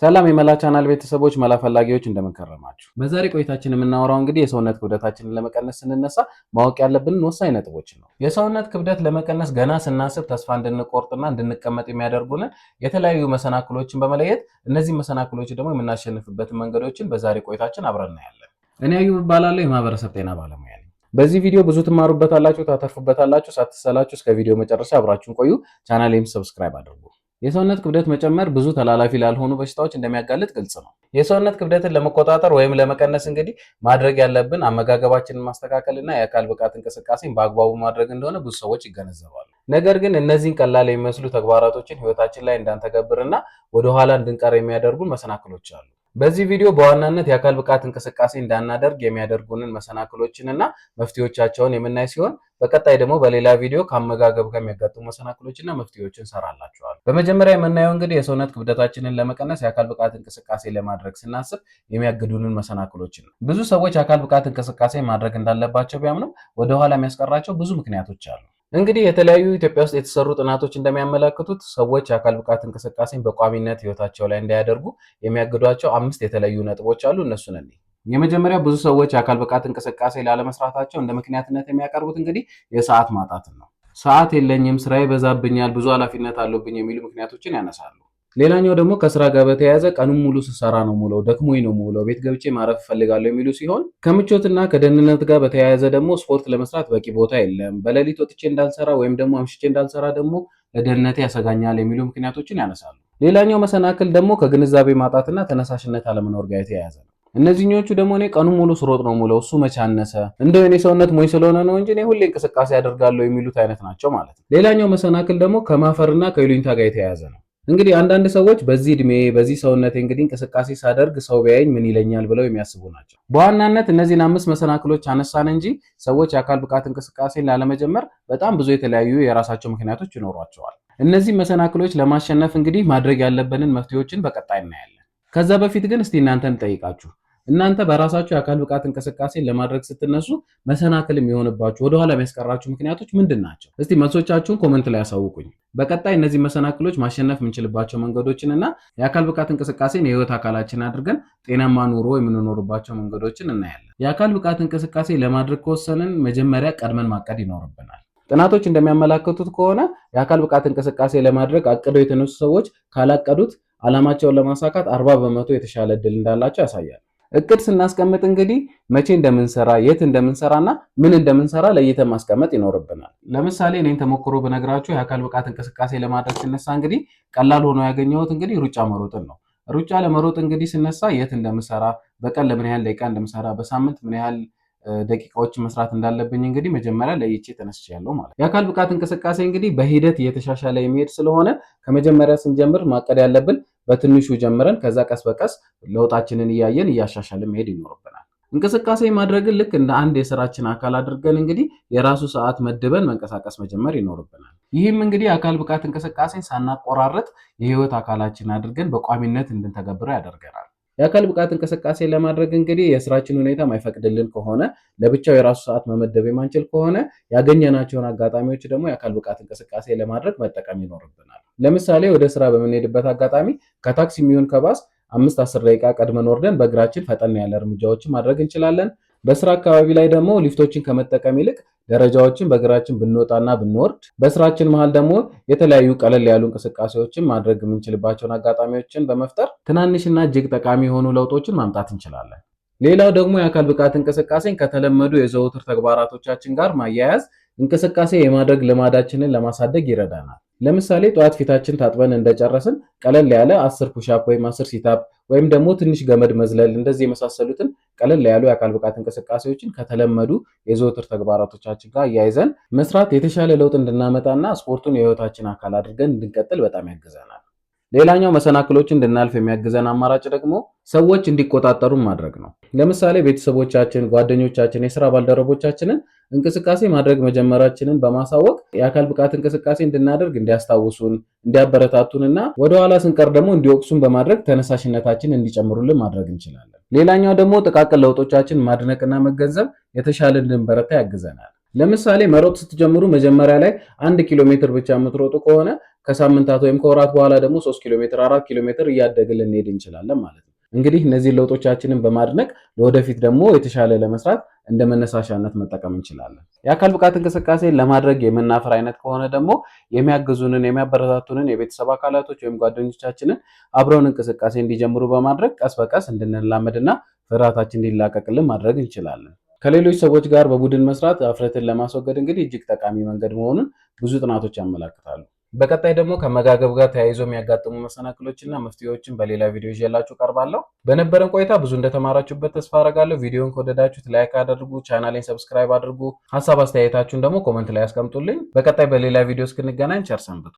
ሰላም የመላ ቻናል ቤተሰቦች መላ ፈላጊዎች እንደምንከረማችሁ። በዛሬ ቆይታችን የምናወራው እንግዲህ የሰውነት ክብደታችንን ለመቀነስ ስንነሳ ማወቅ ያለብንን ወሳኝ ነጥቦችን ነው። የሰውነት ክብደት ለመቀነስ ገና ስናስብ ተስፋ እንድንቆርጥና እንድንቀመጥ የሚያደርጉንን የተለያዩ መሰናክሎችን በመለየት እነዚህ መሰናክሎች ደግሞ የምናሸንፍበትን መንገዶችን በዛሬ ቆይታችን አብረን እናያለን። እኔ አዩብ እባላለሁ። የማህበረሰብ ጤና ባለሙያ ነኝ። በዚህ ቪዲዮ ብዙ ትማሩበታላችሁ፣ ታተርፉበታላችሁ። ሳትሰላችሁ እስከ ቪዲዮ መጨረሻ አብራችሁን ቆዩ። ቻናሌም ሰብስክራይብ አድርጉ። የሰውነት ክብደት መጨመር ብዙ ተላላፊ ላልሆኑ በሽታዎች እንደሚያጋልጥ ግልጽ ነው። የሰውነት ክብደትን ለመቆጣጠር ወይም ለመቀነስ እንግዲህ ማድረግ ያለብን አመጋገባችንን ማስተካከል የአካል ብቃት እንቅስቃሴን በአግባቡ ማድረግ እንደሆነ ብዙ ሰዎች ይገነዘባሉ። ነገር ግን እነዚህን ቀላል የሚመስሉ ተግባራቶችን ህይወታችን ላይ እንዳንተገብርና ወደኋላ እንድንቀር የሚያደርጉን መሰናክሎች አሉ። በዚህ ቪዲዮ በዋናነት የአካል ብቃት እንቅስቃሴ እንዳናደርግ የሚያደርጉንን መሰናክሎችን እና መፍትሄዎቻቸውን የምናይ ሲሆን በቀጣይ ደግሞ በሌላ ቪዲዮ ከአመጋገብ ጋር የሚያጋጥሙ መሰናክሎችና መፍትሄዎችን እንሰራላችኋል። በመጀመሪያ የምናየው እንግዲህ የሰውነት ክብደታችንን ለመቀነስ የአካል ብቃት እንቅስቃሴ ለማድረግ ስናስብ የሚያግዱንን መሰናክሎችን ነው። ብዙ ሰዎች የአካል ብቃት እንቅስቃሴ ማድረግ እንዳለባቸው ቢያምኑም ወደኋላ የሚያስቀራቸው ብዙ ምክንያቶች አሉ። እንግዲህ የተለያዩ ኢትዮጵያ ውስጥ የተሰሩ ጥናቶች እንደሚያመለክቱት ሰዎች የአካል ብቃት እንቅስቃሴን በቋሚነት ህይወታቸው ላይ እንዳያደርጉ የሚያግዷቸው አምስት የተለያዩ ነጥቦች አሉ። እነሱን እኔ የመጀመሪያ ብዙ ሰዎች የአካል ብቃት እንቅስቃሴ ላለመስራታቸው እንደ ምክንያትነት የሚያቀርቡት እንግዲህ የሰዓት ማጣትን ነው። ሰዓት የለኝም፣ ስራዬ በዛብኛል፣ ብዙ ኃላፊነት አለብኝ የሚሉ ምክንያቶችን ያነሳሉ። ሌላኛው ደግሞ ከስራ ጋር በተያያዘ ቀኑን ሙሉ ስሰራ ነው ሙለው ደክሞኝ ነው ሙለው ቤት ገብቼ ማረፍ እፈልጋለሁ የሚሉ ሲሆን ከምቾትና ከደህንነት ጋር በተያያዘ ደግሞ ስፖርት ለመስራት በቂ ቦታ የለም፣ በሌሊት ወጥቼ እንዳልሰራ ወይም ደግሞ አምሽቼ እንዳልሰራ ደግሞ ለደህንነት ያሰጋኛል የሚሉ ምክንያቶችን ያነሳሉ። ሌላኛው መሰናክል ደግሞ ከግንዛቤ ማጣትና ተነሳሽነት አለመኖር ጋር የተያያዘ ነው። እነዚህኞቹ ደግሞ እኔ ቀኑ ሙሉ ስሮጥ ነው ሙለው እሱ መቻነሰ እንደው እኔ ሰውነት ሞኝ ስለሆነ ነው እንጂ እኔ ሁሌ እንቅስቃሴ ያደርጋለሁ የሚሉት አይነት ናቸው ማለት ነው። ሌላኛው መሰናክል ደግሞ ከማፈርና ከይሉኝታ ጋር የተያያዘ ነው። እንግዲህ አንዳንድ ሰዎች በዚህ እድሜ በዚህ ሰውነቴ እንግዲህ እንቅስቃሴ ሳደርግ ሰው ቢያይኝ ምን ይለኛል ብለው የሚያስቡ ናቸው። በዋናነት እነዚህን አምስት መሰናክሎች አነሳን እንጂ ሰዎች የአካል ብቃት እንቅስቃሴን ላለመጀመር በጣም ብዙ የተለያዩ የራሳቸው ምክንያቶች ይኖሯቸዋል። እነዚህ መሰናክሎች ለማሸነፍ እንግዲህ ማድረግ ያለብንን መፍትሄዎችን በቀጣይ እናያለን። ከዛ በፊት ግን እስቲ እናንተን ጠይቃችሁ እናንተ በራሳችሁ የአካል ብቃት እንቅስቃሴን ለማድረግ ስትነሱ መሰናክል የሚሆንባችሁ ወደኋላ የሚያስቀራችሁ ምክንያቶች ምንድን ናቸው? እስቲ መልሶቻችሁን ኮመንት ላይ ያሳውቁኝ። በቀጣይ እነዚህ መሰናክሎች ማሸነፍ የምንችልባቸው መንገዶችን እና የአካል ብቃት እንቅስቃሴን የህይወት አካላችን አድርገን ጤናማ ኑሮ የምንኖርባቸው መንገዶችን እናያለን። የአካል ብቃት እንቅስቃሴ ለማድረግ ከወሰንን መጀመሪያ ቀድመን ማቀድ ይኖርብናል። ጥናቶች እንደሚያመላክቱት ከሆነ የአካል ብቃት እንቅስቃሴ ለማድረግ አቅደው የተነሱ ሰዎች ካላቀዱት አላማቸውን ለማሳካት አርባ በመቶ የተሻለ እድል እንዳላቸው ያሳያል። እቅድ ስናስቀምጥ እንግዲህ መቼ እንደምንሰራ የት እንደምንሰራ እና ምን እንደምንሰራ ለይተን ማስቀመጥ ይኖርብናል። ለምሳሌ እኔን ተሞክሮ ብነግራችሁ የአካል ብቃት እንቅስቃሴ ለማድረግ ስነሳ እንግዲህ ቀላል ሆኖ ያገኘሁት እንግዲህ ሩጫ መሮጥን ነው። ሩጫ ለመሮጥ እንግዲህ ስነሳ የት እንደምሰራ፣ በቀን ለምን ያህል ደቂቃ እንደምሰራ፣ በሳምንት ምን ያህል ደቂቃዎች መስራት እንዳለብኝ እንግዲህ መጀመሪያ ለይቼ ተነስቻለሁ ማለት የአካል ብቃት እንቅስቃሴ እንግዲህ በሂደት እየተሻሻለ የሚሄድ ስለሆነ ከመጀመሪያ ስንጀምር ማቀድ ያለብን በትንሹ ጀምረን ከዛ ቀስ በቀስ ለውጣችንን እያየን እያሻሻልን መሄድ ይኖርብናል። እንቅስቃሴ ማድረግን ልክ እንደ አንድ የስራችን አካል አድርገን እንግዲህ የራሱ ሰዓት መድበን መንቀሳቀስ መጀመር ይኖርብናል። ይህም እንግዲህ የአካል ብቃት እንቅስቃሴ ሳናቆራረጥ የህይወት አካላችን አድርገን በቋሚነት እንድንተገብረው ያደርገናል። የአካል ብቃት እንቅስቃሴ ለማድረግ እንግዲህ የስራችን ሁኔታ ማይፈቅድልን ከሆነ ለብቻው የራሱ ሰዓት መመደብ የማንችል ከሆነ ያገኘናቸውን አጋጣሚዎች ደግሞ የአካል ብቃት እንቅስቃሴ ለማድረግ መጠቀም ይኖርብናል። ለምሳሌ ወደ ስራ በምንሄድበት አጋጣሚ ከታክሲ የሚሆን ከባስ አምስት አስር ደቂቃ ቀድመን ወርደን በእግራችን ፈጠን ያለ እርምጃዎችን ማድረግ እንችላለን። በስራ አካባቢ ላይ ደግሞ ሊፍቶችን ከመጠቀም ይልቅ ደረጃዎችን በእግራችን ብንወጣና ብንወርድ፣ በስራችን መሀል ደግሞ የተለያዩ ቀለል ያሉ እንቅስቃሴዎችን ማድረግ የምንችልባቸውን አጋጣሚዎችን በመፍጠር ትናንሽና እጅግ ጠቃሚ የሆኑ ለውጦችን ማምጣት እንችላለን። ሌላው ደግሞ የአካል ብቃት እንቅስቃሴን ከተለመዱ የዘውትር ተግባራቶቻችን ጋር ማያያዝ እንቅስቃሴ የማድረግ ልማዳችንን ለማሳደግ ይረዳናል። ለምሳሌ ጠዋት ፊታችን ታጥበን እንደጨረስን ቀለል ያለ አስር ፑሻፕ ወይም አስር ሲታፕ ወይም ደግሞ ትንሽ ገመድ መዝለል እንደዚህ የመሳሰሉትን ቀለል ያሉ የአካል ብቃት እንቅስቃሴዎችን ከተለመዱ የዘወትር ተግባራቶቻችን ጋር እያይዘን መስራት የተሻለ ለውጥ እንድናመጣና ስፖርቱን የህይወታችን አካል አድርገን እንድንቀጥል በጣም ያግዘናል። ሌላኛው መሰናክሎችን እንድናልፍ የሚያግዘን አማራጭ ደግሞ ሰዎች እንዲቆጣጠሩ ማድረግ ነው። ለምሳሌ ቤተሰቦቻችን፣ ጓደኞቻችን፣ የስራ ባልደረቦቻችንን እንቅስቃሴ ማድረግ መጀመራችንን በማሳወቅ የአካል ብቃት እንቅስቃሴ እንድናደርግ እንዲያስታውሱን፣ እንዲያበረታቱን እና ወደኋላ ስንቀር ደግሞ እንዲወቅሱን በማድረግ ተነሳሽነታችን እንዲጨምሩልን ማድረግ እንችላለን። ሌላኛው ደግሞ ጥቃቅን ለውጦቻችን ማድነቅና መገንዘብ የተሻለ እንድንበረታ ያግዘናል። ለምሳሌ መሮጥ ስትጀምሩ መጀመሪያ ላይ አንድ ኪሎ ሜትር ብቻ የምትሮጡ ከሆነ ከሳምንታት ወይም ከወራት በኋላ ደግሞ ሶስት ኪሎ ሜትር አራት ኪሎ ሜትር እያደግ ልንሄድ እንችላለን ማለት ነው። እንግዲህ እነዚህ ለውጦቻችንን በማድነቅ ለወደፊት ደግሞ የተሻለ ለመስራት እንደ መነሳሻነት መጠቀም እንችላለን። የአካል ብቃት እንቅስቃሴ ለማድረግ የምናፈር አይነት ከሆነ ደግሞ የሚያግዙንን የሚያበረታቱንን የቤተሰብ አካላቶች ወይም ጓደኞቻችንን አብረውን እንቅስቃሴ እንዲጀምሩ በማድረግ ቀስ በቀስ እንድንላመድና ፍርሃታችን እንዲላቀቅልን ማድረግ እንችላለን። ከሌሎች ሰዎች ጋር በቡድን መስራት አፍረትን ለማስወገድ እንግዲህ እጅግ ጠቃሚ መንገድ መሆኑን ብዙ ጥናቶች ያመላክታሉ። በቀጣይ ደግሞ ከመጋገብ ጋር ተያይዞ የሚያጋጥሙ እና መፍትሄዎችን በሌላ ቪዲዮ ይዤላችሁ ቀርባለሁ። በነበረን ቆይታ ብዙ እንደተማራችሁበት ተስፋ አረጋለሁ። ቪዲዮን ከወደዳችሁት ላይክ አድርጉ፣ ቻናሌን ሰብስክራይብ አድርጉ፣ ሀሳብ አስተያየታችሁን ደግሞ ኮመንት ላይ አስቀምጡልኝ። በቀጣይ በሌላ ቪዲዮ እስክንገናኝ ቸር ሰንብቱ።